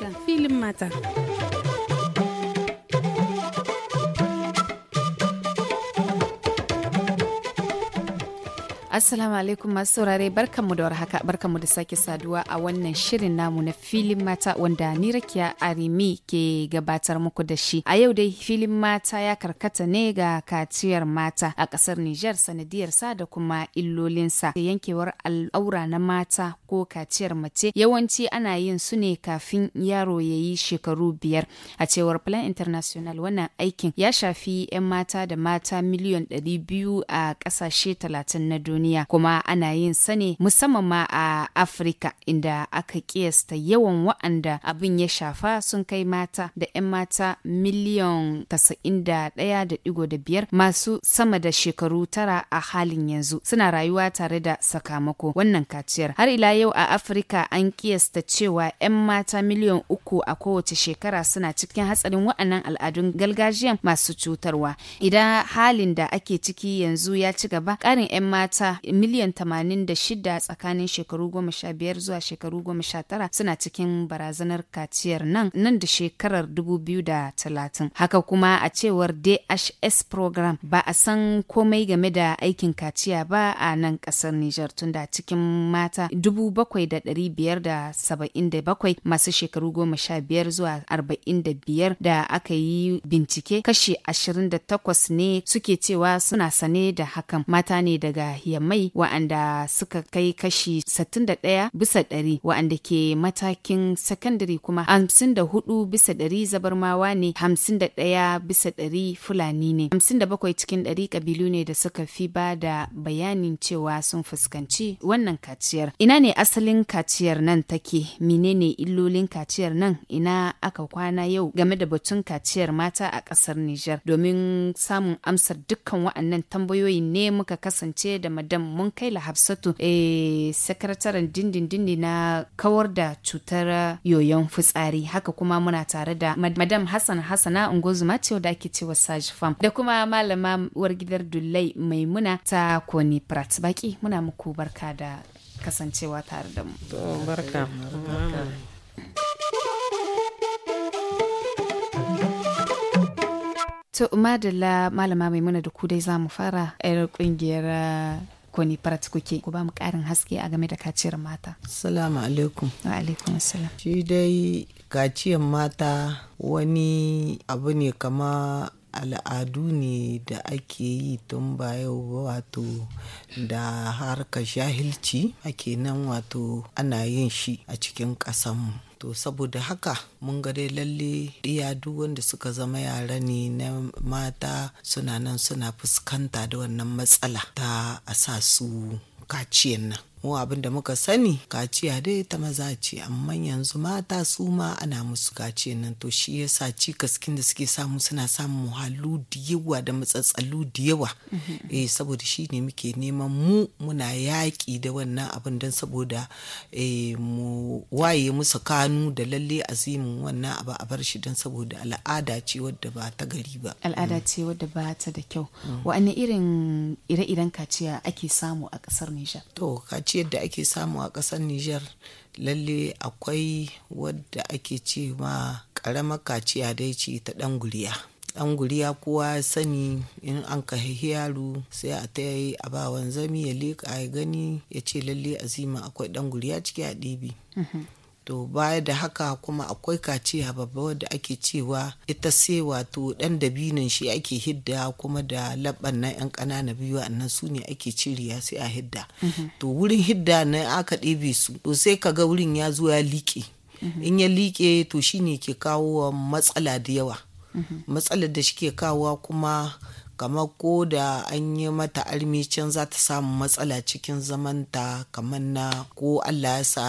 mata filin mata. Assalamu alaikum masu saurare barkanmu da warhaka mu da sake saduwa a wannan shirin namu na filin mata wanda ni Rakiya Arimi ke gabatar muku da shi. A yau dai filin mata ya karkata ne ga kaciyar mata a kasar Nijar sanadiyar sa da kuma illolinsa. Da yankewar al'aura na mata ko kaciyar mace yawanci ana yin su ne kafin yaro ya yi shekaru biyar. A cewar Plan International wannan aikin ya shafi 'yan mata da mata miliyon 200 a ƙasashe 30 na duniya. duniya kuma ana yin sani. ne musamman ma a Afirka inda aka kiyasta yawan wa'anda abin ya shafa sun kai mata da 'yan mata miliyan 91.5 masu sama da shekaru tara a halin yanzu suna rayuwa tare da sakamako wannan kaciyar. Har ila yau a Afirka an kiyasta cewa 'yan mata miliyan uku a kowace shekara suna cikin hatsarin wa'annan al'adun gargajiyan masu cutarwa. Idan halin da ake ciki yanzu ya ci gaba, ƙarin 'yan mata miliyan 86 tsakanin shekaru 15 zuwa shekaru 19 suna cikin barazanar kaciyar nan nan da shekarar 2030 haka kuma a cewar DHS program ba a san komai game da aikin kaciya ba a nan kasar Nijar tunda cikin mata 7,577 masu shekaru 15 zuwa 45 da aka yi bincike kashi 28 ne suke cewa suna sane da hakan mata ne daga yamma mai wa'anda suka kai kashi 61 bisa ɗari wa'anda ke matakin sakandare kuma 54 bisa ɗari zabarmawa ne 51 bisa ɗari fulani ne 57 cikin ɗari ƙabilu ne da suka fi ba da bayanin cewa sun fuskanci wannan kaciyar ina ne asalin kaciyar nan take menene illolin kaciyar nan ina aka kwana yau game da batun kaciyar mata a ƙasar Nijar domin samun amsar dukkan wa'annan tambayoyin ne muka kasance da da mun kai la hafsatu e, sakataren dindindin ne na kawar da cutar yoyon fitsari haka kuma muna tare da madam hassan hassana ungozuma ce da ake cewa sage farm da kuma malama uwar gidar dullai maimuna ta koni prat baki muna muku barka da kasancewa tare da mu barka To, madalla malama maimuna da ku dai za mu fara 'yar kungiyar ko ni farat kuke ku ba mu karin haske a game da kaciyar mata assalamu alaikum wa alaikum assalam shi dai kaciyar mata wani abu ne kama al'adu ne da ake yi tun ba yau wato da harkar jahilci ake nan wato ana yin shi a cikin ƙasanmu to saboda haka mun ga dai lalle iya duk wanda suka zama yara ne na mata suna nan suna fuskanta da wannan matsala ta a sa su kaciyan nan mu abin da muka sani kaciya dai ta maza ce amma yanzu mata su ma ana musu kaciya nan to shi yasa cikaskin da suke samu suna samun muhallu da yawa da matsatsalu da yawa mm-hmm. eh saboda shi ne muke neman mu muna yaƙi da wannan abin don saboda eh, mu waye musu kanu da lalle azimin wannan abu a bar shi don saboda al'ada ce wadda ba ta gari ba al'ada mm. ce wadda ba ta da kyau mm. wa'anne irin ire-iren kaciya ake samu a ƙasar Nijar to ciyar da ake samu a ƙasar Nijar lalle akwai wadda ake ce ma ƙaramar kaciya dai ce ta ɗan guriya. ɗan guriya kowa sani in an ka yaro sai a ta yi a ba wanzami ya leƙa ya gani ya ce lalle azima akwai ɗan guriya ciki a ɗibi. Mhm. to baya da haka kuma akwai kaciya babba wadda ake cewa ita sai wato dan dabinin shi ake hidda kuma da labban na yan ƙanana biyu annan su ne ake ciriya sai a hidda mm-hmm. to wurin hidda na aka ɗebe su to sai ka ga wurin ya zo ya liƙe mm-hmm. in ya liƙe to shine ke kawo matsala da yawa mm-hmm. matsalar da shi ke kawo kuma kamar ko da an yi mata almicin za ta samu matsala cikin zamanta kamar na ko allah ya sa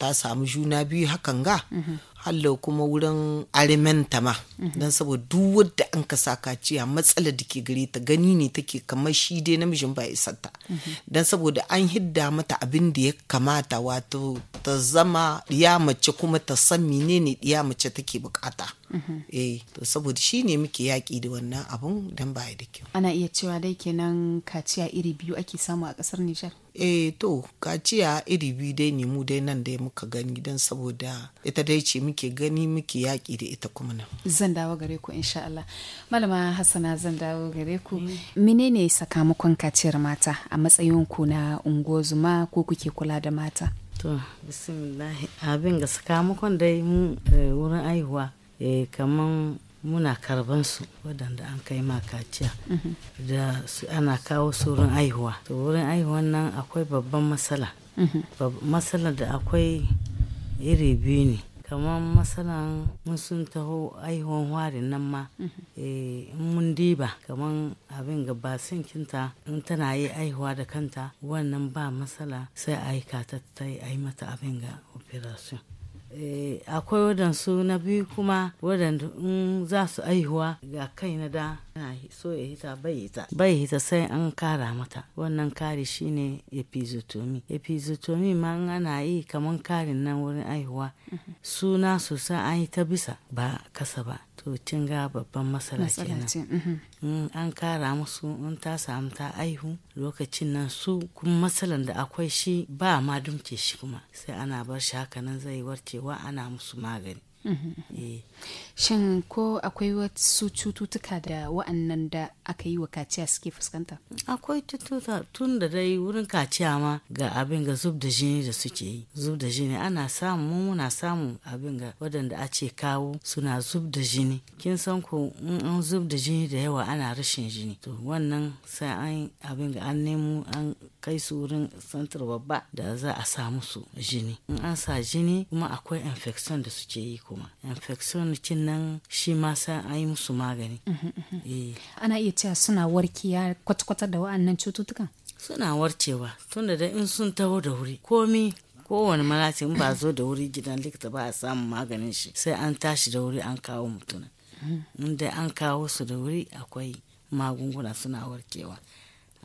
ta samu juna biyu hakan ga mhm. hallo kuma wurin alimenta ma mhm. don saboda duk wadda an ka ciya matsalar da ke gare ta gani ne take kamar shi dai namijin ba isarta mhm. don saboda an hidda mata abin da ya kamata wato ta zama ya mace kuma ta san menene ya mace take bukata mhm. eh to saboda shi ne muke yaƙi da wannan abun don ba da kyau ana iya cewa dai kenan kaciya iri biyu ake samu a kasar Nijar eh to kaciya iri biyu dai ne mu dai nan dai muka gani don saboda ita dai ce muke gani muke yaƙi da ita kuma nan zan dawo gare ku insha Allah malama hassana zan dawo gare ku mm. menene sakamakon kaciyar mata a matsayin ku na ungozuma ko kuke kula da mata to bismillah abin ga sakamakon dai mu eh, wurin aihuwa eh, kaman muna karban su waɗanda an kai ma kaciya mhm. da ana kawo su aihuwa to wurin aihuwan nan akwai babban matsala mhm. matsala da akwai iri biyu ne kamar matsalan mun sun taho aihuwan warin nan ma mhm. eh, in mun diba kamar abin gaba kinta in tana yi aihuwa da kanta wannan ba matsala sai aika ta ta yi mata abin ga operation Eh, akwai wadansu na biyu kuma wadanda za su aihuwa ga kai na da so ya hita bai hita bai hita sai an kara mata wannan kari shine epizotomi epizotomi ma ana yi kamar karin nan wurin aihuwa suna sosai an yi ta bisa ba kasa ba to kin ga babban masala kenan mhm. an kara musu in ta samu ta aihu lokacin nan su kuma matsalar da akwai shi ba ma dumke shi kuma sai ana bar shi haka nan zai warcewa ana musu magani Eh. shin ko akwai wasu cututtuka da wa'annan da aka yi wa kaciya suke fuskanta akwai cututtuka tun da dai wurin kaciya ma ga abin ga zub da jini da suke yi zub da jini ana samu mu muna samu abin ga waɗanda a ce kawo suna zub da jini kin san ko an zub da jini da yawa ana rashin jini to wannan sai an abin ga an nemo an kai su wurin santar babba da za a samu su jini in an sa jini kuma akwai infection da suke yi ko kuma infection cin nan shi ma sa an yi musu magani eh. ana iya cewa suna warkiya kwata-kwata da wa'annan cututtukan suna warcewa tun da in sun taho da wuri komi kowane malati in ba zo da wuri gidan likita ba a samun maganin shi sai an tashi da wuri an kawo mutum inda an kawo su da wuri akwai magunguna suna warkewa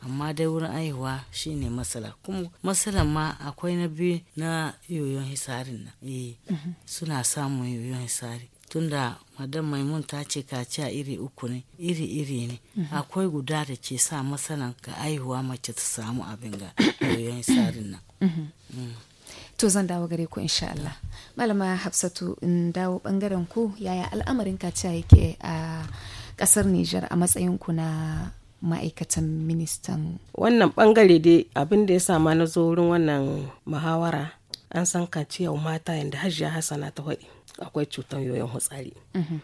amma dai wurin aihuwa shine matsala kuma matsalan ma akwai na biyu na yoyon hisarin nan eh mhm. suna samun yoyon hisari tunda madan maimun ta ce kaciya iri uku ne iri iri ne mhm. akwai guda da ke sa matsalan ga aihuwa mace ta samu abin ga yoyon hisarin nan mhm. mm. to zan dawo gare ku insha Allah malama hafsatu in dawo bangaren ku yaya al'amarin kaciya yake a kasar Nijar a matsayin ku na ma'aikatan ministan wannan bangare dai abin da ya sama na zo wurin wannan muhawara an san kaciyar mata yadda hajiya hassana ta haɗi akwai cutar yoyon hutsari mhm.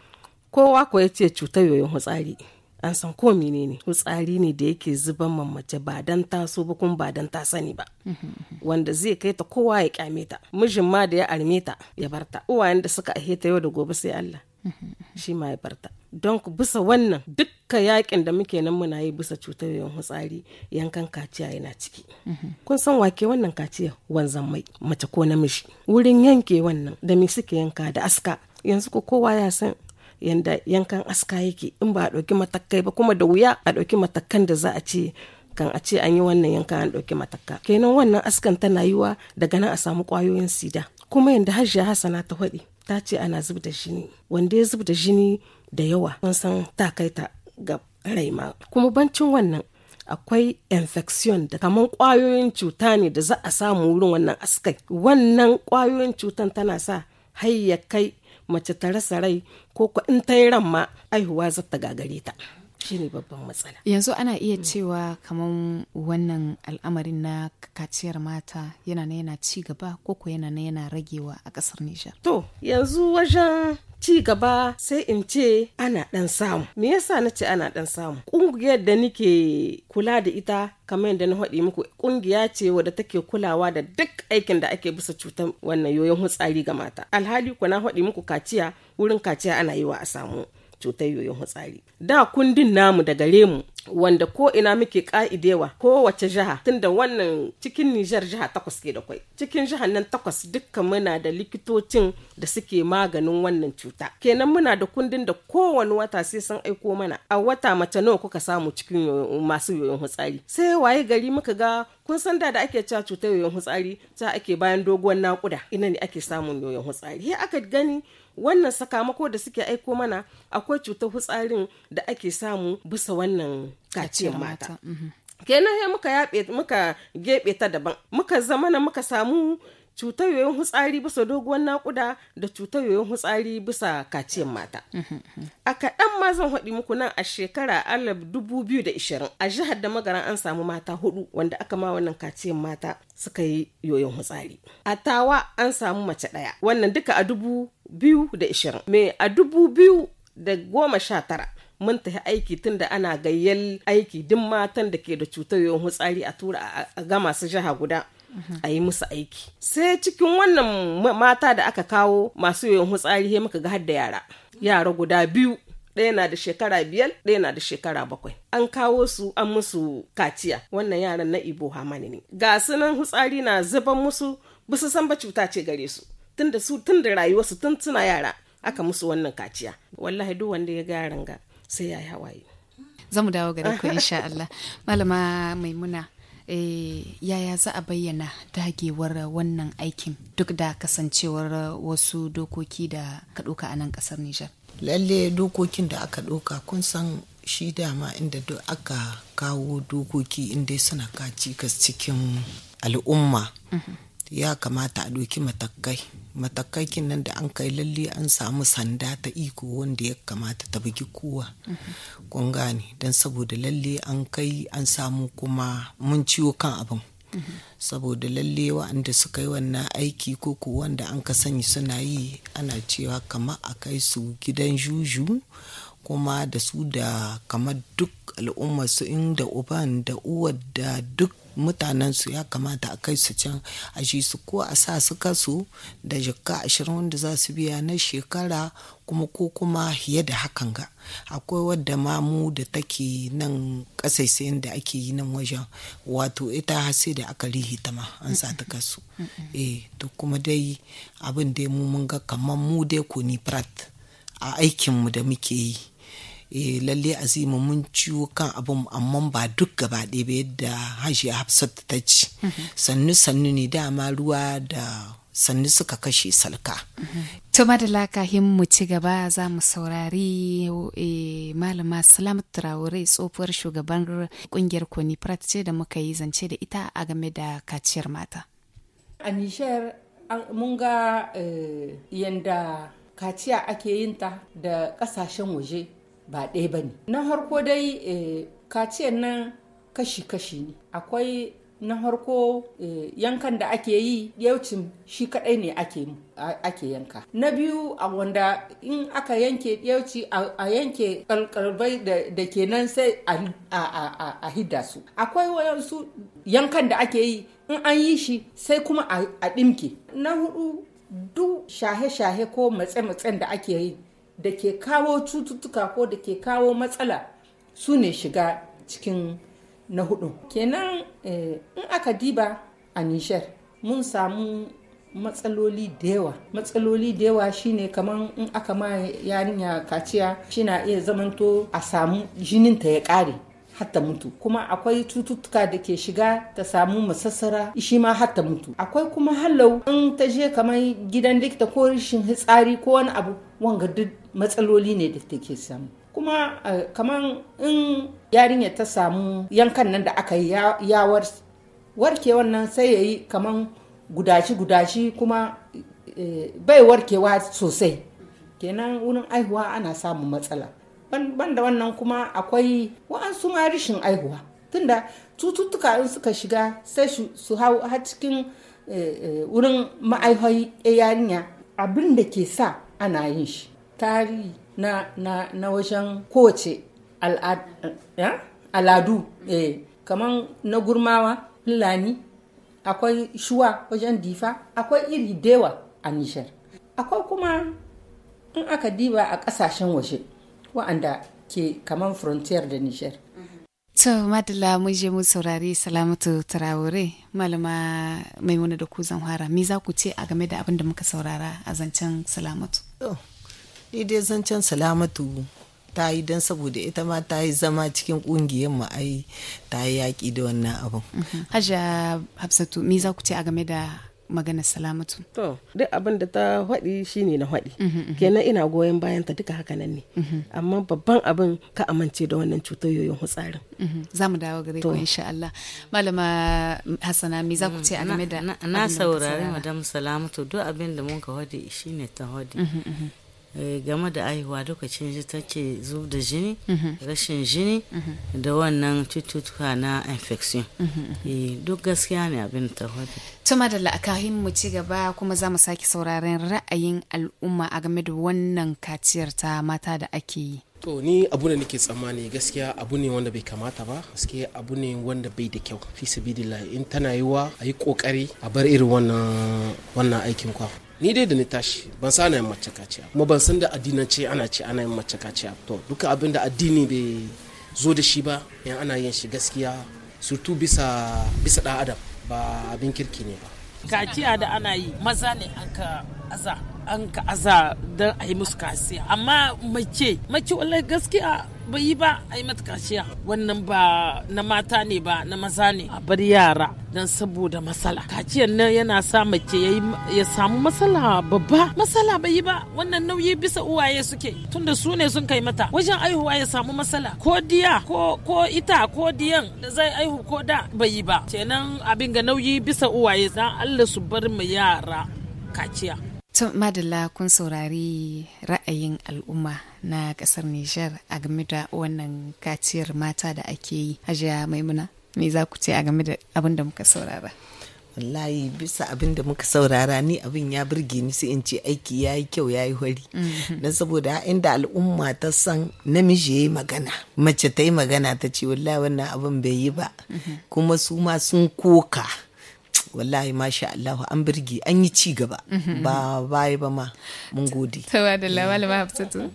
kowa ko ya ce cutar yoyon hutsari an san ko ne hutsari ne da yake zuban mamace ba dan so ba kuma ba dan ta sani ba mhm, mhm. wanda zai kai ta kowa ya kyame ta mijin ma da ya arme ta ya barta uwayen da suka ahe ta yau da gobe sai Allah shi ma ya barta don bisa wannan duk ka yakin da muke nan muna yi bisa cutar yawan hutsari yankan kaciya yana ciki mhm. kun san wake wannan kaciya wanzan mai mace ko namiji wurin yanke wannan da me suke yanka da aska yanzu ko kowa ya san yanda yankan aska yake in ba a ɗauki matakai ba kuma da wuya a ɗauki matakan da za a ce kan a ce an yi wannan yankan an ɗauki matakka kenan wannan askan tana yiwa daga nan a samu kwayoyin sida kuma yanda hajiya hasana ta faɗi ta ce ana zub da jini wanda ya zub da jini da yawa Kun san ta kai ta ga rai ma kuma bancin wannan akwai infection da kaman kwayoyin cuta ne da za a samu wurin wannan askai wannan kwayoyin cutan tana sa har mace ta rasa rai ko in ta yi ran ma aihuwa za ta gagare ta shine babban matsala yanzu ana iya mm. cewa kamar wannan al'amarin na kaciyar mata yana na yana ci gaba koko yana na yana ragewa a kasar nijar to yanzu wajen ci gaba sai in ce ana ɗan samu me yasa na ce ana ɗan samu ƙungiyar da nike kula da ita kamar yadda na haɗi muku kungiya ce wadda take kulawa da duk aikin da ake bisa cutar wannan yoyon hutsari ga mata alhali ku na haɗi muku kaciya wurin kaciya ana yi wa a samu cutar yoyon fitsari da kundin namu da gare mu wanda ko ina muke ka'idewa kowace jiha tunda wannan cikin Nijar jiha takwas ke da kwai cikin jihar nan takwas dukkan muna da likitocin da suke maganin wannan cuta kenan muna da kundin da kowane wata sai sun aiko mana a wata mace nawa kuka samu cikin masu yoyon hutsari sai waye gari muka ga kun san da da ake cewa cutar yoyon hutsari ta ake bayan doguwar nakuda ina ne ake samun yoyon hutsari he aka gani wannan sakamako da suke aiko mana akwai cutar hutsarin da ake samu bisa wannan kaciyar mata mhm. kenan sai muka yabe muka gebe ta daban muka zama na muka samu cutar yoyon hutsari bisa doguwar nakuda da cutar yoyon hutsari bisa kaciyar mata mhm, mhm. a kaɗan ma zan haɗi muku nan a shekara alaf dubu biyu da ishirin a jihar da magaran an samu mata hudu wanda aka ma wannan kaciyar mata suka yi yoyon hutsari a tawa an samu mace ɗaya wannan duka a dubu biyu da ishirin me a dubu biyu da goma sha tara mun tafi aiki tunda ana gayyal aiki duk matan da ke da cutar yawan hutsari a tura a ga masu jiha guda a yi musu aiki sai cikin wannan mata da aka kawo masu yawan hutsari he muka ga har da yara yara guda biyu ɗaya na da shekara biyar ɗaya na da shekara bakwai an kawo su an musu kaciya wannan yaran na ibo hamani ne ga sunan hutsari na zuban musu bisu san ba cuta ce gare su tun da su tun rayuwarsu tun suna yara aka musu wannan kaciya wallahi duk wanda ya ga yaran ga sai ya yi hawaye za mu dawo gare ku insha Allah malama maimuna eh, yaya za a bayyana dagewar wannan aikin duk da kasancewar wasu dokoki da ka ɗauka a nan ƙasar Nijar. lalle dokokin da aka ɗauka kun san shi dama inda duk aka kawo dokoki inda suna kaci cikin al'umma mhm. ya kamata a ɗauki matakai matakakin nan da an kai lalle an samu sanda ta iko wanda ya kamata ta bugi kowa kun gane don saboda lalle an kai an samu kuma mun ciwo kan abin saboda lalle wa'anda suka yi wannan aiki ko ko wanda an ka sani suna yi ana cewa kama a kai su gidan juju kuma da su da kamar duk al'ummar su inda uban da uwar da duk mutanen su ya kamata a kai su can a shi su ko a sa su kasu da jikka ashirin wanda za su biya na shekara kuma ko kuma fiye da hakan ga akwai wadda ma mu da take nan kasaisayin da ake yi nan wajen wato ita sai da aka rihi ta ma an sa ta kasu eh to kuma dai abin da mu mun ga kamar mu dai ko ni prat a aikinmu da muke yi e lalle azima mun ciwo kan abin amma ba duk gaba ɗaya ba yadda hajiya hafsat ta ci mhm. sannu sannu ne dama ruwa da sannu suka kashe salka mhm. tuma da lakahin mu ci gaba za mu saurari eh, malama salam traore tsofuwar shugaban kungiyar koni ce da muka yi zance da ita a game da kaciyar mata a nishar mun ga eh, yanda kaciya ake yin ta da kasashen waje ba ɗaya ba ne na harko dai eh, kaciyar nan kashi-kashi ne akwai na harko eh, yankan da ake yi yaucin shi kaɗai ne ake yanka na biyu a wanda in aka yanke yauci a yanke kalkalbai da ke nan sai a hidda su akwai wayansu yankan da ake yi in an yi shi sai kuma a ɗimke na hudu duk shahe-shahe ko matse-matsen da ake yi da ke kawo cututtuka ko da ke kawo matsala su ne shiga cikin na hudu kenan eh, in aka diba a nishar mun samu matsaloli da yawa matsaloli da yawa shine kamar in aka ma yarinya kaciya shina iya zamanto a samu ta ya kare hatta mutu kuma akwai cututtuka da ke shiga ta samu masassara shi ma hatta mutu akwai kuma halau in ta je kamar gidan likita ko rishin hitsari ko wani abu wanga duk matsaloli ne da take samu kuma kamar in yarinya ta samu yankan nan da aka yi yawar warke wannan sai ya yi kamar gudashi gudaci kuma eh, bai warkewa sosai kenan wurin aihuwa ana samun matsala banda wannan kuma akwai wa'ansu ma rishin aihuwa tunda cututtuka in suka shiga sai su hau har cikin eh, eh, wurin ma'aihoyi yarinya abin da ke sa ana yin shi tarihi na, na, na wajen kowace eh, al'adu eh, kamar na gurmawa fulani akwai shuwa wajen difa akwai iri dewa a nishar akwai kuma in aka diba a ƙasashen waje wa'anda ke kamar frontier da Niger. To Madalla mun je mu saurari Salamatu Traore malama Maimuna da ku zan fara me za ku ce a game da abin da muka saurara a zancen Salamatu. Ni dai zancen Salamatu ta yi don saboda ita ma ta yi zama cikin kungiyar mu ai ta yi yaƙi da wannan abin. Hajja Hafsatu me za ku ce a game da magana salamatu to duk abin da ta haɗi shine na haɗi mhm, mhm. kenan ina goyon bayan ta duka haka nan ne mhm. amma babban abin ka amince da wannan cutar yoyon hutsarin za mu dawo gare ku insha Allah malama Hassana me za ku ce a da na saurari madam salamatu duk abin da mun ka haɗi shine ta haɗi Eh, game da aihuwa lokacin ji ta ce zub da jini mhm. rashin jini mhm. da wannan cututtuka na infection mhm. eh, duk gaskiya ne abin ta hudu tuma da la'akahin mu ci gaba kuma za mu sake sauraren ra'ayin al'umma a game da wannan kaciyar ta mata da ake yi to ni abu da nake tsammani gaskiya abu ne wanda bai kamata ba gaskiya abu ne wanda bai da kyau fi sabidillah in tana yiwa a yi kokari a bar irin wannan wannan aikin kwa ni dai da ni tashi ban san ana yin mace kaciya kuma ban san da ce ana ce ana yin mace kaciya to duka abin da addini bai zo da shi ba yan ana yin shi gaskiya surtu bisa bisa da adam ba abin kirki ne ba kaciya da ana yi maza ne an ka aza an ka aza don a yi musu kasiya amma mace mace wallahi gaskiya bai yi ba a yi mata kasiya wannan ba na mata ne ba na maza ne a bar yara don saboda matsala kaciyar nan yana sa mace ya samu matsala babba matsala bai yi ba wannan nauyi bisa uwaye suke tunda su ne sun kai mata wajen aihuwa ya samu matsala ko diya ko ita ko diyan da zai aihu ko da bai yi ba kenan abin ga nauyi bisa uwaye dan Allah su bar mu yara kaciya To Madalla kun saurari ra'ayin al'umma na kasar Nijar a game da wannan kaciyar mata da ake yi hajiya maimuna. Me za ku ce a game da abin da muka saurara? Wallahi bisa abin da muka saurara ni abin ya burge ni sai in ce aiki ya yi kyau ya yi hori. Mm-hmm. Na saboda inda al'umma ta san namiji ya yi magana, mace ta yi magana ta ce wallahi wannan abin bai yi ba. Mm-hmm. Kuma su ma sun koka. wallahi masha Allah an birge an yi ci gaba mhm. ba baya ba ma mun gode tawa da lawalama hafsatu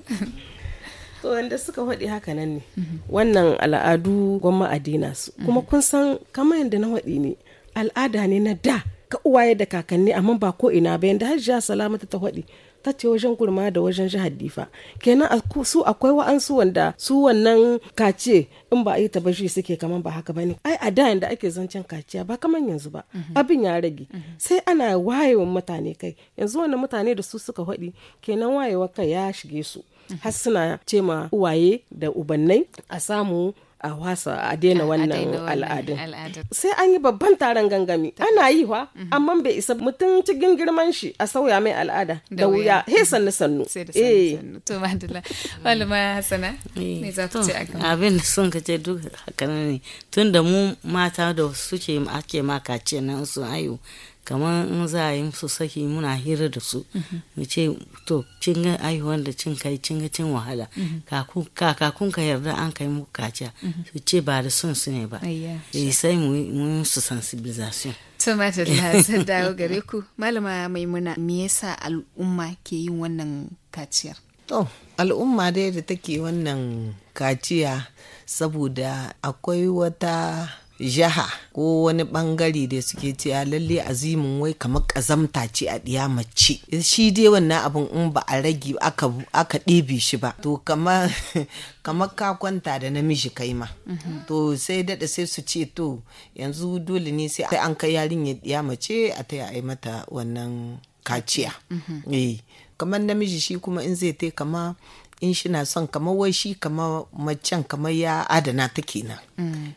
to wanda suka faɗi haka nan ne mhm. wannan al'adu gwamma a dina su kuma mhm. kun san kamar yadda na faɗi ne al'ada ne na da ka uwaye da kakanni amma ba ko ina ba yadda hajjiya salamatu ta faɗi ta ce wajen gurma da wajen jihar difa kenan su akwai wa'ansu wanda su wannan kace in ba a yi ta suke kaman ba haka bane ai a da yanda ake zancen kaciya ba kaman yanzu ba mhm. abin ya rage mhm. sai ana wayewa mutane kai yanzu wannan mutane da su suka haɗi kenan wayewa kai ya shige su mhm. har suna ce ma uwaye da ubannai a samu a wasa a daina wannan al'adun sai an yi babban taron gangami ana yi wa mhm. amma bai isa mutum cikin girman shi a sauya mai al'ada da wuya he sannu sannu eh to madalla malama hasana me eh, za ta ce akan abin da sun kace duk haka ne tunda mu mata da suke ake maka ce nan sun ayo kamar in za a yi musu saki muna hira da su mhm. mu ce to cin ga aihuwan da cin kai cin ga cin wahala mhm. kakakun ka yarda an kai muku kaciya mhm. su ce ba da son su ne ba eh, sai mu yi musu sensibilization to madalla zan dawo gare ku malama maimuna me yasa al'umma ke yin wannan kaciyar to al'umma dai da take wannan kaciya saboda akwai wata jiha ko wani bangare da suke ce lalle azimin wai kamar kazamta ce a ɗiya mace shi dai wannan abin in ba a rage aka ɗebe shi ba to kamar ka kwanta da namiji kai ma mhm. to sai daɗa sai su ce to yanzu dole ne sai an kai yarinya ɗiya mace a ta yi mata wannan kaciya mhm. eh, kamar namiji shi kuma in zai ta kama in shi na son kamar wai shi kamar macen kamar ya adana ta kenan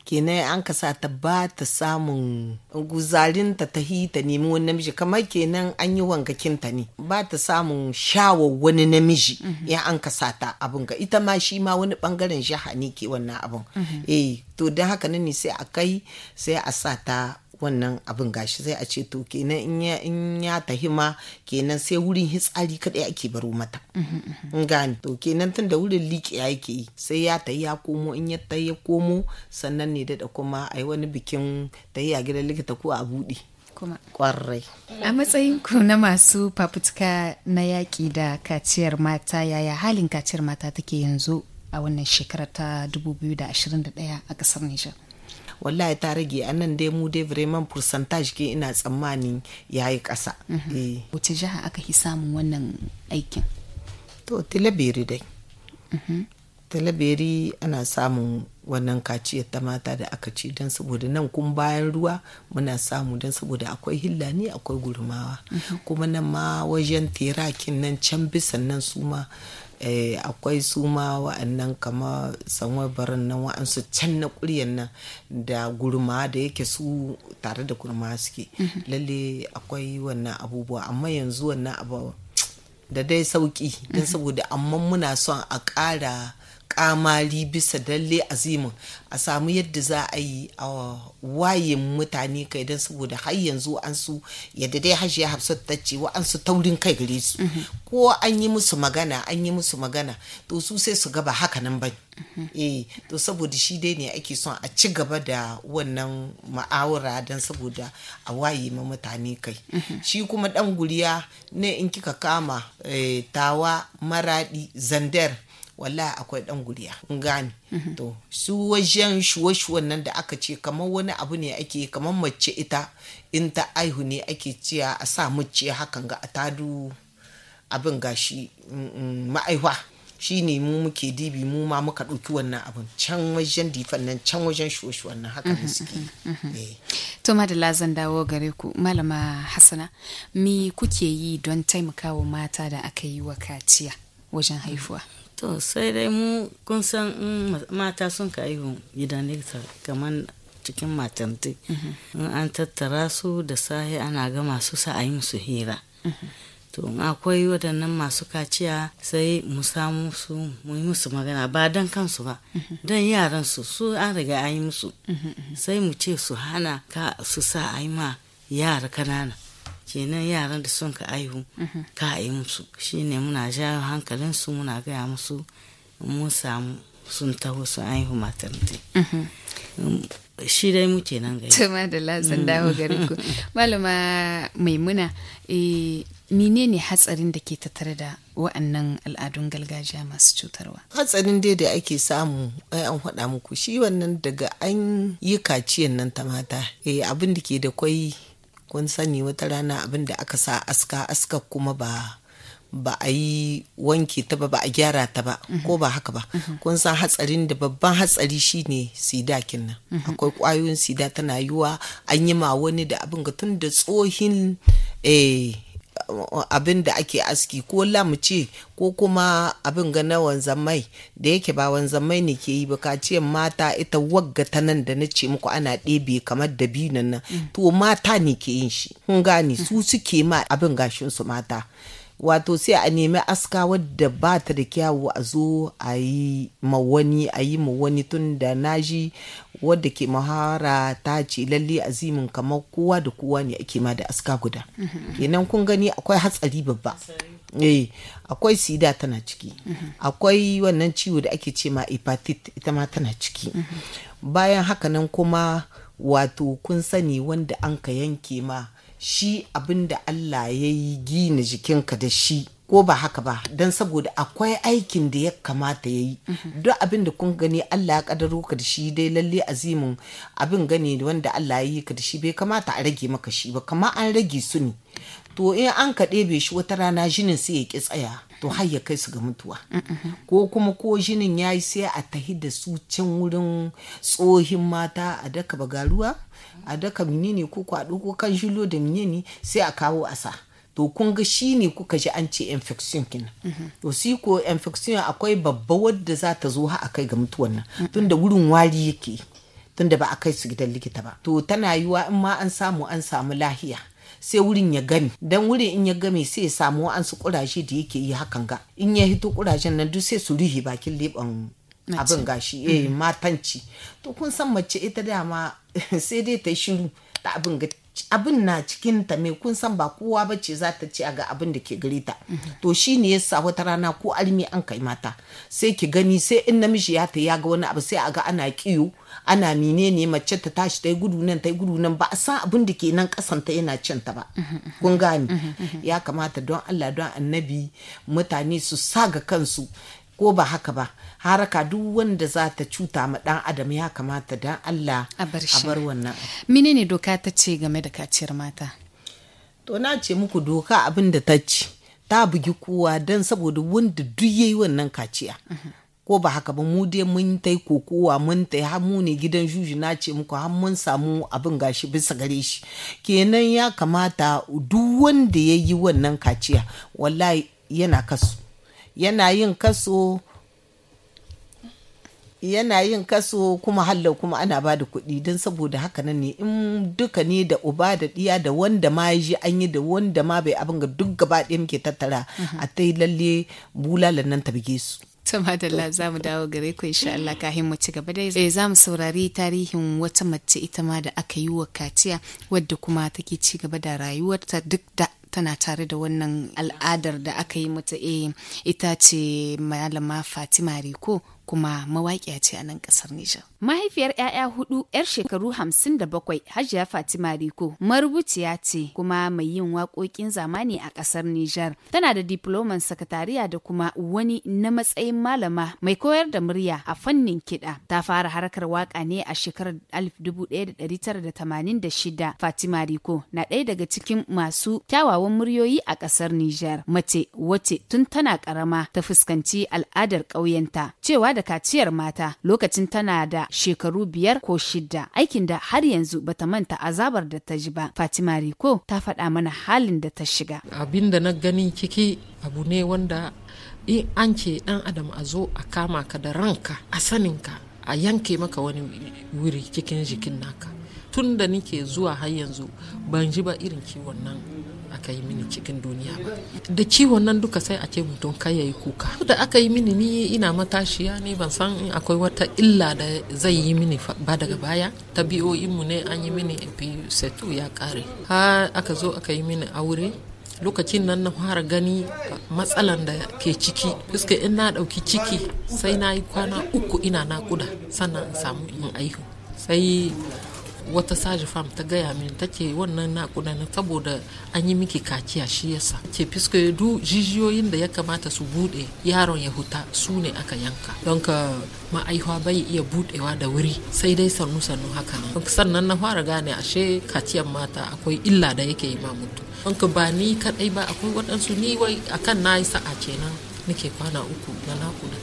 kenan an ka sa ta ba ta samun guzarin ta ta ta nemi wani namiji kamar kenan an yi wangakin ta ne ba ta samun shawar wani namiji ya an ka sa ta abin ga ita ma shi ma wani bangaren shaha ne ke wannan abin mhm. eh to don haka nan ne sai a kai sai a sa ta wannan abin gashi zai a ce to kenan in ya tahi ma kenan sai wurin hitsari kadai ake baro mata in gane to kenan tun da wurin liƙe yake yi sai ya tahi ya komo in ya tahi ya komo sannan ne da kuma a yi wani bikin tahi a gidan likita ko a buɗe kuma kwarai a matsayin ku na masu fafutuka na yaƙi da kaciyar mata yaya halin kaciyar mata take yanzu a wannan shekarar ta 2021 a ƙasar Nijar wallahi ta rage a nan dai mu dai vraiment percentage ke ina tsammani ya yayi ƙasa mhm. eh. wace jiha aka fi samun wannan aikin to tilabiri dai mhm. talaberi ana samun wannan kaciyar ta mata da aka ci don saboda nan kun bayan ruwa muna samu don saboda akwai hillani akwai gurmawa mhm. kuma nan ma wajen terakin nan can bisan nan su ma Eh, akwai su ma wa'annan kama sanwar barin nan wa'ansu can na kuryan nan da gurma da yake su tare da gurma suke mhm. lalle akwai wannan abubuwa amma yanzu wannan abubuwa da dai sauki don mhm. saboda amma muna son a ƙara Kamali bisa dalle azimin a samu yadda za a yi a wayin mutane kai don saboda har yanzu an su yadda dai ya hafsat ta ce wa an su taurin kai gare su mhm. ko an yi musu magana an yi musu magana to su sai su gaba haka nan ba mhm. eh to saboda shi dai ne ake son a ci gaba da wannan ma'awara don saboda a waye ma mutane kai mhm. shi kuma dan guriya ne in kika kama eh, tawa maradi zandar wallahi akwai dan guriya in gane to su wajen shuwa nan da aka ce kamar wani abu ne ake kamar mace ita in ta aihu ne ake cewa a sa mace hakan ga a tadu abin gashi mm, mm, ma'aihuwa shi ne mu muke dibi mu ma muka ɗauki wannan abin can wajen difan nan can wajen shuwa-shuwan nan haka ne mhm, suke mhm, mhm. Eh. to madalla zan dawo gare ku malama hassana me kuke yi don taimakawa mata da aka yi wa kaciya wajen haifuwa to sai dai mu kun san mata sun ka yi gidan likita kamar cikin matanti an tattara su da sahi ana gama su yi musu hira to akwai waɗannan masu kaciya sai mu samu su mu yi musu magana ba don kansu ba don yaran su su an riga ayi musu sai mu ce su hana ka su sa a yi ma yara kanana kenan yaran da sun ka aihu mhm. ka yi musu shine muna jawo hankalinsu muna gaya musu mun samu sun taho su aihu maternity mhm. um, shi dai muke nan gari tuma da latsan mm. dawo gari ku malama maimuna eh, mine ne hatsarin da ke tattare da wa'annan al'adun gargajiya masu cutarwa hatsarin dai da ake samu ai an faɗa muku shi wannan daga an yi kaciyan nan ta mata eh, abin da ke da kwai kun sani wata rana abin da aka sa aska aska kuma ba ba a yi wanke ta ba ba a gyara ta ba ko ba haka ba kun san hatsarin da babban hatsari shine sida kinna akwai kwayoyin sida tana yiwa an yi ma wani da abin ga tun da tsohin eh, abin da ake aski ko lamuce ko kuma abin ga na wanzan mai da yake ba wanzan mai ne ke yi ba ka ce mata ita wagga ta nan da na ce muku ana ɗebe kamar da nan mm. to mata ne ke yin shi kun gani su suke ma abin gashin su mata wato sai a nemi aska wadda ba ta da kyawu a zo a yi wani a yi wani tun da na ji wadda ke mahara ta ce lalle azimin kamar kowa da kowa ne ake ma da aska guda mhm. kenan kun gani akwai hatsari babba eh akwai sida tana ciki mhm. akwai wannan ciwo da ake ce ma hepatitis ita ma tana ciki mhm. bayan haka nan kuma wato kun sani wanda an ka yanke ma shi abin da Allah ya yi gina jikinka da shi ko ba haka ba don saboda akwai aikin da ya kamata ya yi duk abin da kun gani Allah ya kadaro ka da shi dai lalle azimin abin gani wanda Allah ya yi ka da shi bai kamata a rage maka shi ba kama an rage su ne to in an kaɗe bai shi wata rana jinin sai ya ki tsaya to har ya kai su ga mutuwa ko kuma ko jinin ya yi sai a tahi da su can wurin tsohin mata a daka bagaruwa a daka menene ko ko a ɗauko kan jilo da menene sai a kawo a sa to kun ga shi ne kuka ji an ce infection kin mm-hmm. to shi ko infection akwai babba wadda za ta zo har a kai ga mutuwan nan tunda wurin wari yake tunda ba a kai su gidan likita ba to tana yiwa in ma an samu an samu lahiya sai wurin ya game dan wurin in ya game sai ya samu wa'ansu kuraje da yake yi hakan ga in ya hito kurajen nan duk sai su rihe bakin leban abin gashi eh mm. matanci to kun san mace ita dama sai dai ta shiru ta abin ga abin na cikin ta mai kun san ba kowa ba ce za ta ci a ga abin da ke gare ta mm-hmm. to shi ne ya sa wata rana ko almi an kai mata sai ki gani sai in namiji ya ta ya ga wani abu sai a ga ana kiyo ana mine ne mace ta tashi ta yi gudu nan ta yi gudu nan ba a san abin da ke nan kasanta yana cin ta ba kun gane ya kamata don Allah don annabi mutane su sa ga kansu ko ba haka ba haraka duk wanda za ta cuta ma dan adam ya kamata dan Allah a bar wannan ne doka ta ce game da kaciyar mata to na ce muku doka abin da ta ce ta bugi kowa don saboda wanda duk yayi wannan kaciya ko ba haka ba mu dai mun tai kokowa mun tai har mu ne gidan juju na ce muku har mun samu abin gashi bisa gare shi kenan ya kamata duk wanda ya yi wannan kaciya wallahi yana kaso yana yin kaso yana yin kaso kuma hallau kuma ana ba da kuɗi don saboda haka nan ne in duka ne da uba da ɗiya da wanda ma ya ji an yi da wanda ma bai abin ga duk gaba ɗaya muke tattara mhm. a ta lalle bulalar nan ta bige su to madalla za mu dawo gare ku insha mm. Allah ka mu ci gaba dai eh za mu saurari tarihin wata mace ita ma da aka yi wa kaciya wadda kuma take ci gaba da rayuwarta duk da tana tare da wannan al'adar da aka yi mata itace eh, ita ce malama Fatima Riko kuma mawaƙiya ce a nan ƙasar Nijar. Mahaifiyar 'ya'ya hudu 'yar shekaru hamsin da bakwai Hajiya Fatima Riko marubuciya ce kuma mai yin waƙoƙin zamani a ƙasar Nijar. Tana da diploman sakatariya da kuma wani na matsayin malama mai koyar da murya a fannin kiɗa. Ta fara harkar waƙa ne a shekarar 1986. Fatima Riko na ɗaya daga cikin masu kyawawan dattawan muryoyi a ƙasar Nijar. Mace wace tun tana karama ta fuskanci al'adar ƙauyenta cewa da kaciyar mata lokacin tana da shekaru biyar ko shidda aikin da har yanzu bata manta azabar da ta ji ba. Fatima Riko ta faɗa mana halin da ta shiga. Abin da na gani kiki abu ne wanda in an ce dan adam a zo a kama ka da ranka a saninka a yanke maka wani wuri cikin jikin naka tun da nike zuwa har yanzu ban ji ba irin kiwon nan aka yi mini cikin duniya ba da ciwon nan duka sai a ce mutum kai yayi kuka da aka yi mini ni ina matashiya ni ban san in akwai wata illa da zai yi mini ba daga baya Ta tabi'o'in mu ne an yi mini episeto ya kare Ha aka zo aka yi mini aure lokacin nan na fara gani matsalan da ke ciki fuska in na ɗauki ciki sai na yi kwana uku ina nakuda sannan in samu in aihu sai wata saji Fam ta gaya min ta ce wannan nakuda na saboda an yi miki kaciya shi yasa ce ya du jijiyoyin da ya kamata su bude yaron ya huta su ne aka yanka don ka ma'aihuwa bai iya budewa da wuri sai dai sannu sannu haka nan sannan na fara gane ashe kaciyan mata akwai illa da yake yi ma mutum don ka ba ni kadai ba akwai waɗansu ni wai akan na yi sa'a kenan nake kwana uku na nakuda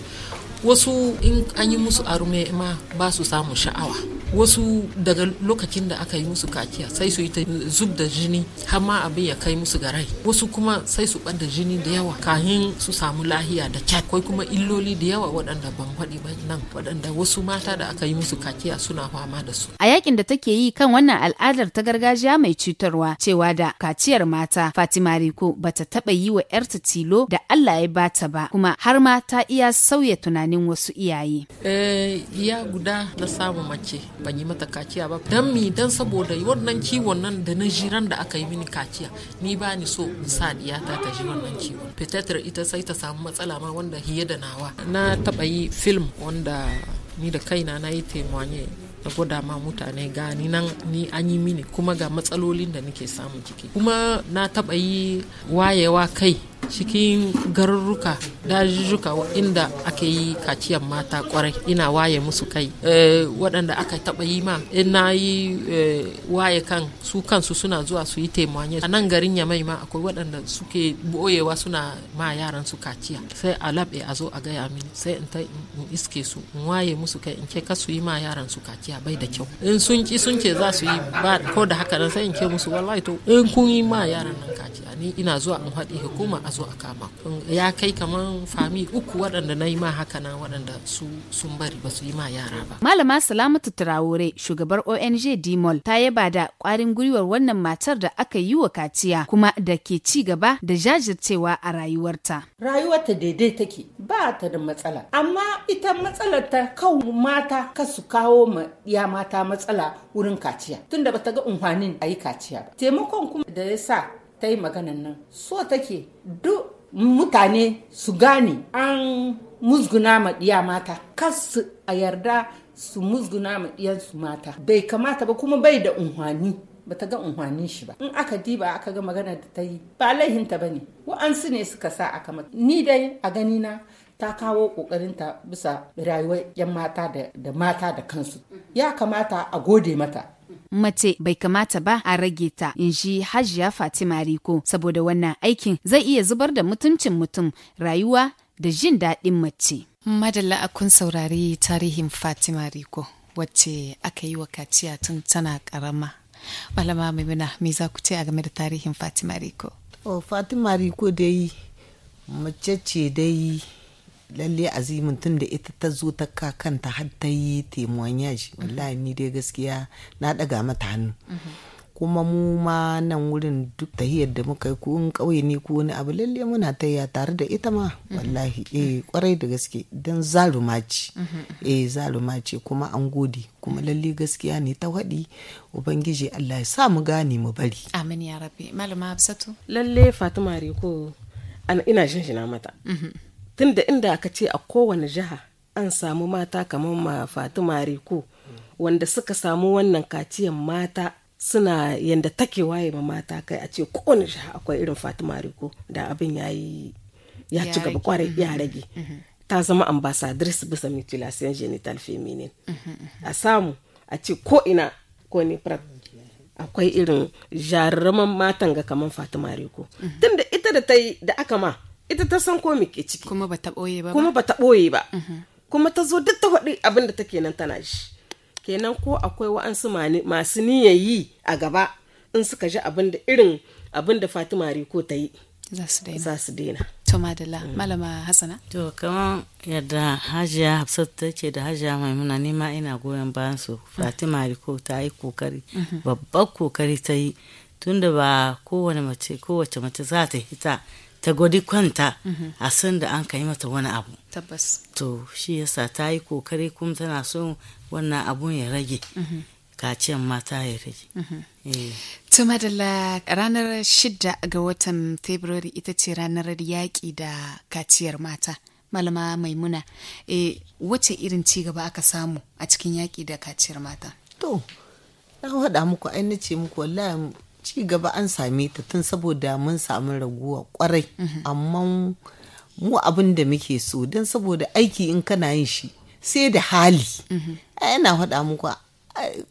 wasu in an yi musu arume ma ba su samu sha'awa wasu daga lokacin da aka yi musu kakiya sai su yi ta zub da jini har ma abin ya kai musu garai wasu kuma sai su ɓada jini da yawa kahin su samu lahiya da kyau akwai kuma illoli da yawa waɗanda ban faɗi ba nan waɗanda wasu mata da aka yi musu kakiya suna fama da su a yakin da take yi kan wannan al'adar ta gargajiya mai cutarwa cewa da kaciyar mata Fatima Riko bata taɓa yi wa 'yarta tilo da Allah ya bata ba kuma har ma ta iya sauya tunanin wasu iyaye. Eh, ya guda na samu mace ban yi mata kaciya ba dan mi dan saboda wannan ciwon nan da na jiran da aka yi mini kaciya ni ba ni so in sa ta ji wannan ciwon fitatar ita sai ta samu matsala ma wanda hiye da nawa na taba yi film wanda ni da kaina na yi taimanye na gwada ma mutane gani nan ni an yi mini kuma ga matsalolin da nake samun ciki kuma na taba yi wayewa kai cikin garurruka dajujjuka inda aka yi kaciyar mata kwarai ina waye musu kai eh, waɗanda aka taɓa yi ma ina yi eh, waye kan su kansu suna zuwa su yi taimanye a nan garin yamai ma akwai waɗanda suke boyewa suna ma yaran su kaciya sai a laɓe a zo a gaya mini sai in ta in iske su in waye musu kai in ke ka su yi ma yaran su kaciya bai da kyau in sun ki sun ce za su yi ba ko da haka nan sai in ke musu wallahi to in kun yi ma yaran nan kaciya ni ina zuwa in haɗe hukuma a zo a kama ya kai kamar fami uku waɗanda na yi ma haka na waɗanda su sun bari ba su yi ma yara ba malama salamatu traore shugabar ong dimol ta yaba da ƙwarin gwiwar wannan matar da aka yi wa kaciya kuma da ke ci gaba da jajircewa a rayuwarta rayuwarta daidai take ba ta da matsala amma ita matsalar ta kan mata ka su kawo ma ya mata matsala wurin kaciya tunda ba ta ga unhwanin a yi kaciya ba taimakon kuma da ya sa ta yi maganan nan so take duk mutane su gane an musguna maɗiya mata kas su a yarda su musguna ma mata bai kamata ba kuma bai da unhwani ba ta ga unhwanin shi ba in aka diba aka ga magana da ta yi ba laihinta ba ne wa'ansu ne suka sa aka mata ni dai a gani na ta kawo ƙoƙarinta bisa rayuwar 'yan mata da mata da kansu ya kamata a gode mata Mace bai kamata ba a rage ta, in ji Hajiya Fatima Riko, saboda wannan aikin zai iya zubar da mutuncin mutum, rayuwa da jin daɗin mace. Madalla a kun saurari tarihin Fatima Riko, wacce aka yi wa kaciya tun tana karama Malama Maimuna, me za ku ce a game da tarihin Fatima Riko? Fatima Riko dai mace ce dai lalle azimin tun da ita ta zo ta kakanta kanta har ta yi yaji wallahi ni dai gaskiya na daga mata hannu kuma mu ma nan wurin duk tahiyar da muka yi ko in kauye ne ko wani abu lalle muna tayya tare da ita ma wallahi eh kwarai da gaske don zaluma ce eh zaluma ce kuma an gode kuma lalle gaskiya ne ta waɗi ubangiji Allah ya sa mu gane mu bari amin ya rabbi malama absatu lalle fatima reko ina shinshina mata mhm. tunda inda aka ce a kowane jiha an samu mata kamar ma fatima Riku wanda suka samu wannan kaciyan mata suna yanda take waye ma mata kai a ce kowane jiha akwai irin fatima Riku da abin ya yi ya ci gaba kwarai ya mm-hmm. rage mm-hmm. ta zama ambassadress bisa mutilation genital feminine mm-hmm, a samu a ce ko ina ko ne akwai irin jarraman matan ga kamar fatima riko tunda ita da ta yi da aka ma ita ta san ko ke ciki kuma bata boye ba kuma bata ɓoye ba mhm. kuma ta zo duk ta faɗi abin da take nan tana shi kenan ko akwai wa'ansu masu niyyar yi a gaba in suka ji abin da irin abin da Fatima Riko ta yi za su daina to madalla mm. malama hasana to kamar yadda hajiya hafsat take da hajiya maimuna ni ma ina goyon bayan su mm. fatima riko ta yi kokari mhm. babbar kokari ta yi tunda ba kowane mace kowace mace za ta hita ta gwadi kwanta mhm. a san da an kai mata wani abu tabbas to shi yasa ta yi kokari kuma tana so wannan abun ya rage mhm. kaciyar mata ya rage. Mhm. Eh. To madalla ranar shida ga watan february ita ce ranar yaƙi da kaciyar mata. Malama Maimuna, e, eh, wace irin cigaba aka samu a cikin yaƙi da kaciyar mata? To, na haɗa muku ai nace ce muku wallahi ci gaba an same ta tun saboda mun samu raguwa kwarai amma mu abin da muke so don saboda aiki in kana yin shi sai da hali yana faɗa muku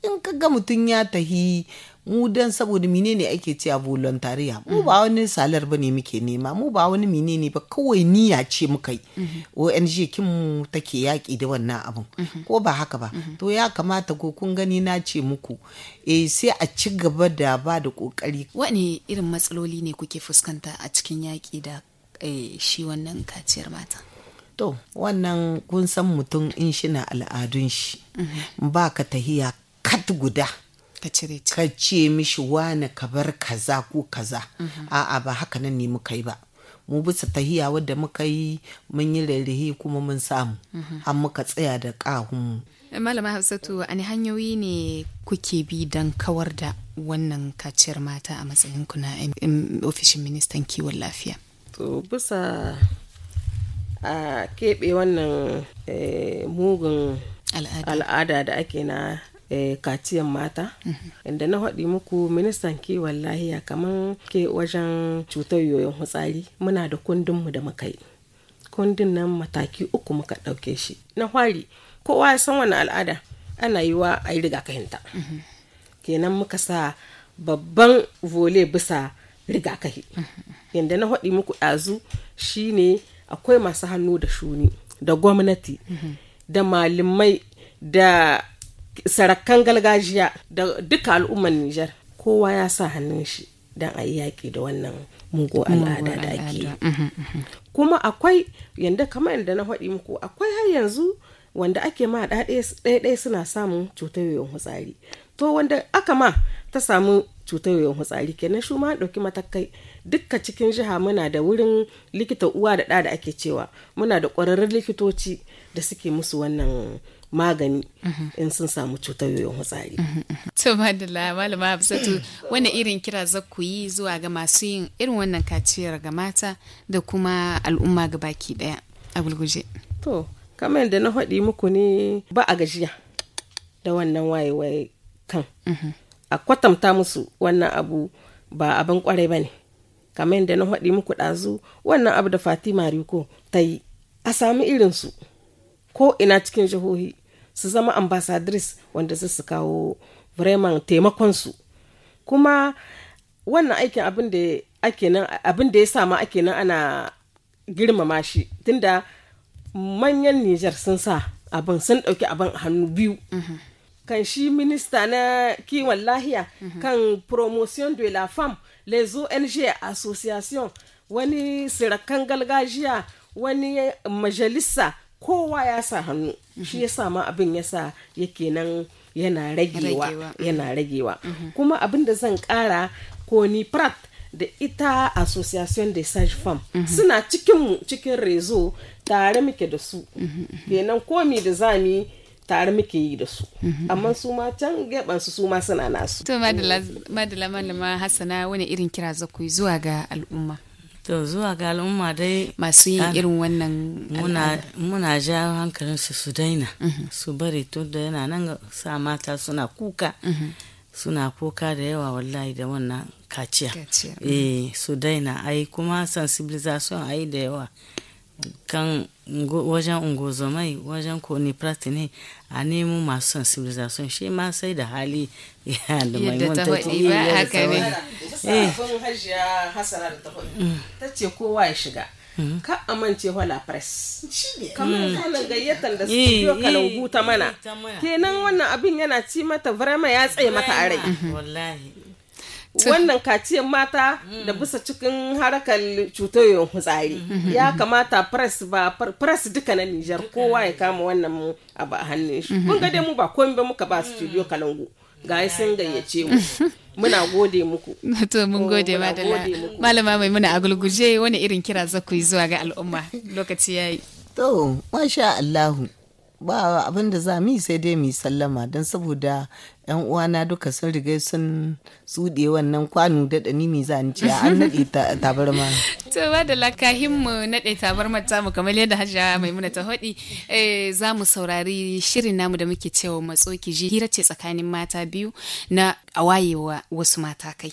in ka ga mutum ya tahi mu dan saboda menene ake cewa volontariya mu ba wani salar ba ne muke nema mu ba wani menene ba kawai niyya ce muka yi mhm. ONG kin mu take yaƙi da wannan abun mhm. ko ba haka ba mhm. to ya kamata ko kun gani na ce muku eh sai a ci gaba da ba da kokari wani irin matsaloli ne kuke fuskanta a cikin yaƙi da eh, shi wannan kaciyar mata to wannan kun san mutum in shi na al'adun shi ba ka tahiya kat guda ka cire ka ce mishi wane ka bar kaza ko kaza mhm. a'a ba haka nan ne muka yi ba mu bisa tahiya wadda muka yi mun yi rairahi kuma mun samu mhm. an muka tsaya da ƙahun eh, malama hafsatu wani hanyoyi ne kuke bi don kawar da wannan kaciyar mata a matsayin ku na ofishin ministan kiwon lafiya to bisa a keɓe wannan eh, mugun al'ada da ake na Eh, Katiyan mata inda na haɗi muku ministan ke lahiya kamar ke wajen cutar yoyon hutsari muna da kundinmu da mukayi. kundin nan mataki uku muka ɗauke shi na hwari kowa ya san wani al'ada ana yi wa a yi rigakahinta kenan muka sa babban vole bisa rigakahi yadda na haɗi muku ɗazu shine akwai masu hannu da shuni da gwamnati da malamai da sarakan gargajiya da duka al'ummar Nijar kowa ya sa hannun shi don a yi yaƙi da wannan mugu al'ada da ake mhm, mhm. kuma akwai yadda kamar yadda na faɗi muku akwai har yanzu wanda ake ma ɗaya suna samun cutar yoyon hutsari to wanda aka ma ta samu cutar yoyon hutsari kenan shuma ɗauki matakai dukka cikin jiha muna da wurin likita uwa da ɗa da ake cewa muna da ƙwararrun likitoci da suke musu wannan magani mhm. in sun samu cutar yoyon hutsari. Mhm, mhm. To madalla malama abisatu wani irin kira za ku yi zuwa ga masu yin irin wannan kaciyar ga mata da kuma al'umma ga baki daya a gulguje. To kamar yadda na haɗi muku ne ba a gajiya da wannan waye-waye kan mhm. a kwatanta musu wannan abu ba abin kwarai ba ne kamar yadda na haɗi muku ɗazu wannan abu da fatima riko ta yi a sami irinsu ko ina cikin jihohi su zama ambassadris wanda su su kawo taimakon taimakonsu kuma wannan aikin abin da ya sa ma ake nan ana girmama shi tunda manyan Nijar sun sa abin sun ɗauki abin hannu biyu. Mhm. Kan shi minista na kiwon lahiya mhm. kan promotion de la femme les ONG association wani sirakan galgajiya wani majalisa kowa ya sa hannu mhm. shi ya sa ma abin ya sa yake nan yana ragewa yana ragewa kuma abin da zan kara ko ni prat da ita association de sage femme mm -hmm. suna cikin cikin rezo tare muke da su kenan komi da zami tare muke yi da su amma su ma can gebansu su ma suna nasu to madala malama hassana wani irin kira za ku zuwa ga al'umma to zuwa ga al'umma dai masu yin irin wannan muna ja hankalinsu su daina su bari tun da yana nan sa mata suna kuka suna kuka da yawa wallahi da wannan kaciya mm. eh su daina ai kuma sensibilization ai da yawa kan wajen ungozomai wajen koni ne a nemo masu sensibilization shi ma sai da hali ya da maimun ta yi ba haka ne eh. ta ce kowa ya shiga Mm-hmm. ka amince wala press kamar kanan mm. gayyatar da eh, studio kalangu eh, ta eh, mana kenan wannan abin yana ci mata vrema ya tsaye mata a rai mm-hmm. wannan kaciyar mata da bisa cikin harakar cutoyin huzari mm-hmm. ya kamata press ba press duka na Nijar kowa ya kama wannan abu a hannun shi kun ga dai mu ba komai ba muka ba studio kalangu ga sun gayyace mu muna gode muku to mun oh, gode madalla malama mai muna a wani irin kira za yi zuwa ga al'umma lokaci yayi to masha Allahu ba abin da za mu sai dai mu sallama don saboda yan uwana duka sun riga sun tsude wannan kwano da dani mi za ni ciya an nade tabarma to ba da lakahin mu nade tabarma ta mu kamar yadda hajja maimuna ta hodi eh, za mu saurari shirin namu da muke cewa matsoki ji hira ce tsakanin mata biyu na awayewa wasu mata kai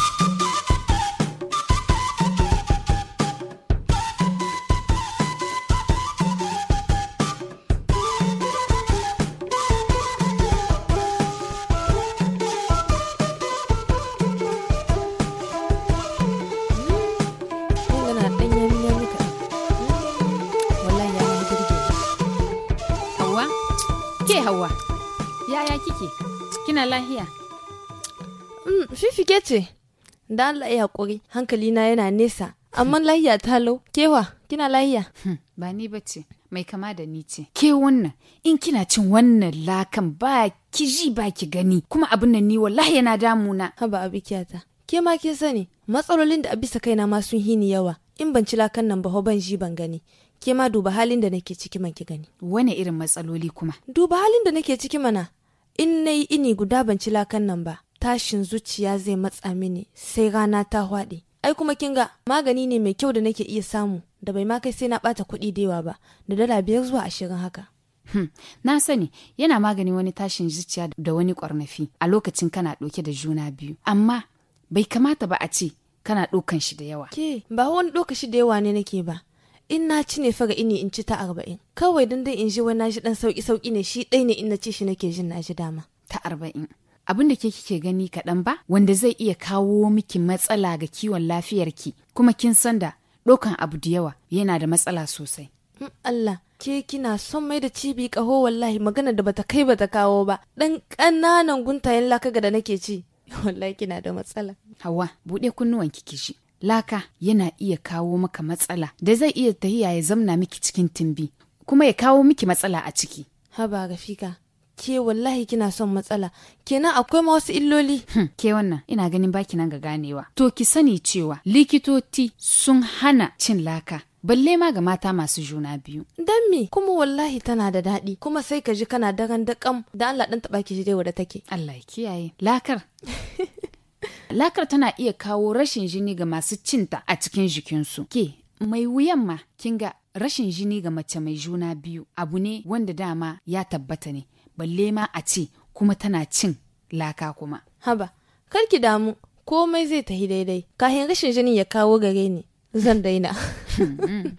kina lahiya mm, fifike ce da Allah ya hankali hankalina yana nesa amma lahiya ta lau kewa kina lahiya hmm, ba ni bace mai kama da ni ce ke wannan in kina cin wannan lakan ba ki ji ba ki gani kuma abin nan ni wallahi yana damuna haba abikiyata ke ma ke sani matsalolin da a bisa kaina ma sun hini yawa in ban ci lakan nan ba ho ban ji ban gani ke ma duba halin da nake ciki man ki gani wane irin matsaloli kuma duba halin da nake ciki mana in na yi ini guda ban ci lakan nan ba tashin zuciya zai matsa mini sai rana ta hwaɗe ai kuma kinga. magani ne mai kyau da nake iya samu da bai ma kai sai na bata kuɗi da yawa ba da dala biyar zuwa ashirin haka Hmm. Na sani yana maganin wani tashin zuciya da wani ƙwarnafi a lokacin kana ɗauke da juna biyu, amma bai kamata ba a ce kana ɗaukan shi da yawa. Ke, ba wani ɗaukan shi da yawa ne nake ba, in na ci ne faga ini in ci ta arba'in kawai dan dai in ji wani naji dan sauki sauki ne shi ɗai ne in na ci shi nake jin naji dama ta arba'in abin da ke kike gani kaɗan ba wanda zai iya kawo miki matsala ga kiwon lafiyar ki kuma kin san da ɗaukan abu da yawa yana da matsala sosai hmm, Allah ke kina son mai da cibi kaho wallahi magana da bata kai bata kawo ba dan kananan guntayen lakaga da nake ci wallahi kina da matsala hawa buɗe kunnuwan ki kishi laka yana iya kawo maka matsala da zai iya tahiya ya zamna miki cikin timbi kuma ya kawo miki matsala a ciki. Haba Rafika, ke wallahi kina son matsala, kenan akwai ma wasu illoli. Hmm, ke wannan ina ganin baki nan ga ganewa. To ki sani cewa likitoci sun hana cin laka. Balle ma ga mata masu juna biyu. Dan me kuma wallahi tana da daɗi kuma sai ka ji kana daren da da Allah ɗan taɓa ki shi dai wadda take. Allah ya kiyaye. Lakar. lakar tana iya kawo rashin jini ga masu cinta a cikin jikinsu ke mai wuyan ma kin ga rashin jini ga mace mai juna biyu abu ne wanda dama ya tabbata ne balle ma a ce kuma tana cin laka kuma haba kar ki damu komai zai tafi daidai kayan rashin jini ya kawo gare ni zan daina hmm, hmm.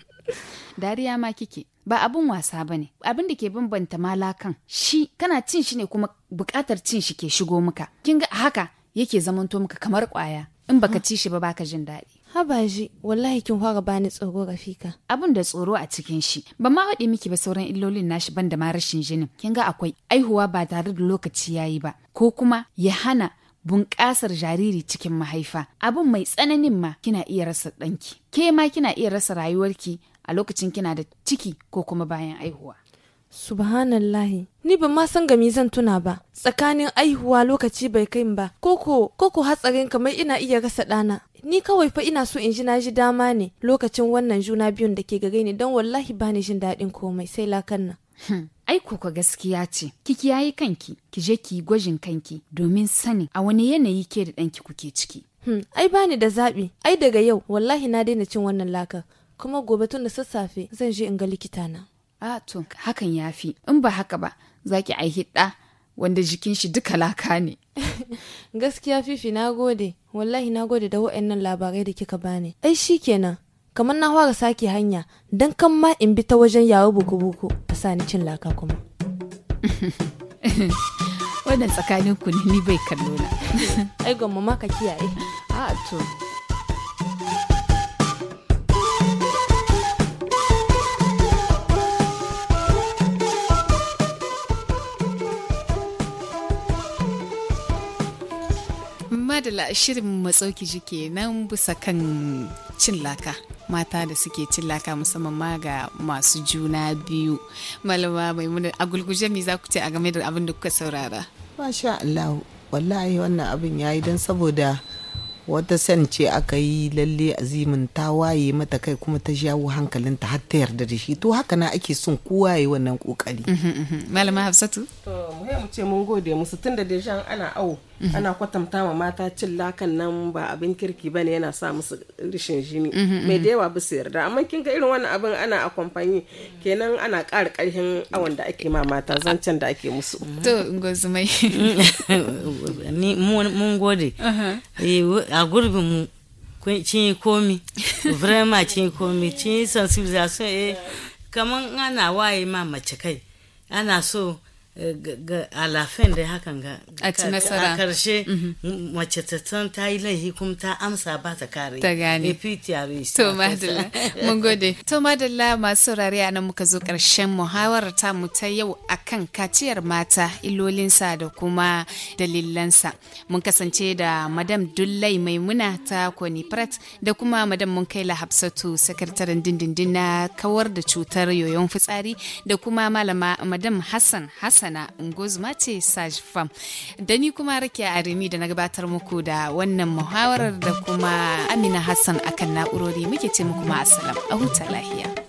dariya ma kike ba abun wasa ba ne abin da ke bambanta malakan shi kana cin shi ne kuma bukatar cin shi ke shigo muka kin ga haka yake zamanto maka kamar kwaya in baka ah. ci shi ba baka jin daɗi Habaji, wallahi kin fara bani tsoro Rafika. Abin da tsoro a cikin shi, ba ma haɗe miki ba sauran illolin nashi ban da ma rashin jinin. Kin ga akwai aihuwa ba tare da lokaci ya yi ba, ko kuma ya hana bunƙasar jariri cikin mahaifa. Abin mai tsananin ma kina iya rasa ɗanki. Ke ma kina iya rasa rayuwarki a lokacin kina da ciki ko kuma bayan aihuwa. Subhanallahi, ni ban ma san gami zan tuna ba, tsakanin aihuwa lokaci bai kai ba, koko, koko hatsarin kamar ina iya rasa ɗana. Ni kawai fa ina so in ji na ji dama ne lokacin wannan juna biyun da ke gare ni don wallahi bani jin daɗin komai sai lakan nan. Hmm, ai kuka gaskiya ce, kiki yayi kanki, ki je ki gwajin kanki domin sani. a wani yanayi ke da ɗanki kuke ciki. Hmm, ai bani da zaɓi, ai daga yau wallahi na daina cin wannan lakar, kuma gobe tun da sassafe zan je in ga likitana. a to hakan ya fi in ba haka ba za ki aihi ɗa wanda jikin shi duka laka ne gaskiya fifi na gode wallahi na gode da wa'annan labarai da kika bani ai shi kenan kamar na fara sake hanya don kan ma in bi ta wajen yawo buku-buku ta sa ni cin laka kuma wannan tsakanin ku ne ni bai kallo na ai gwamma ma ka kiyaye a to madala shirin matsauki jike nan bisa kan cin laka mata da suke cin laka musamman ma ga masu juna biyu malama mai maimuna a gulguje me za ku ce a game da abin da kuka saurara masha Allah wallahi wannan abin ya yi don saboda wata san ce aka yi lalle azimin ta waye mata kai kuma ta jawo hankalinta har ta yarda da shi to haka na ake son kowa yi wannan kokari mhm, mhm. malama hafsatu to mu ce mun gode musu tunda dejan ana awo Mm-hmm. ana kwatanta ma mata cin lakan nan ba abin kirki ba ne yana sa musu rishin jini mm-hmm, mm-hmm. mai da yawa bisa yarda amma kin ga irin wannan abin ana a kamfani kenan ana ƙara ƙarfin awon da ake ma mata zancen da ake musu to gozumai ni mun gode uh-huh. eh, a gurbin mu cin komi vraiment cin komi cin sensibilisation eh kaman ana waye ma mace kai ana so a lafen da hakan ga a ci nasara a karshe mm-hmm. mace ta san ta yi laihi kuma ta amsa ba ta kare ta gane to madalla mun gode to madalla masu rari a nan muka zo karshen muhawarar ta mu ta yau akan kaciyar mata illolinsa da kuma dalilansa mun kasance da madam dullai maimuna ta koni prat da kuma madam mun kai hafsatu sakataren dindindin na kawar da cutar yoyon fitsari da kuma malama madam hassan hassan hassana ngozma ce sage fam da ni kuma rake arimi da na gabatar muku da wannan muhawarar da kuma amina hassan akan na'urori muke ce muku ma a huta lahiya